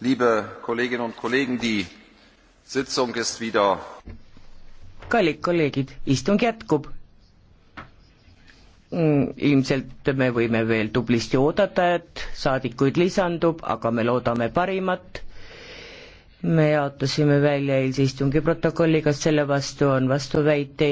liebe kolleginnen und kollegen die sitzung ist wieder kallid kolleegid istung jätkub mm, ilmselt me võime veel tublisti oodata et saadikuid lisandub aga me loodame parimat me jaotasime välja eilse istungi protokolli kas selle vastu on vastuväiteid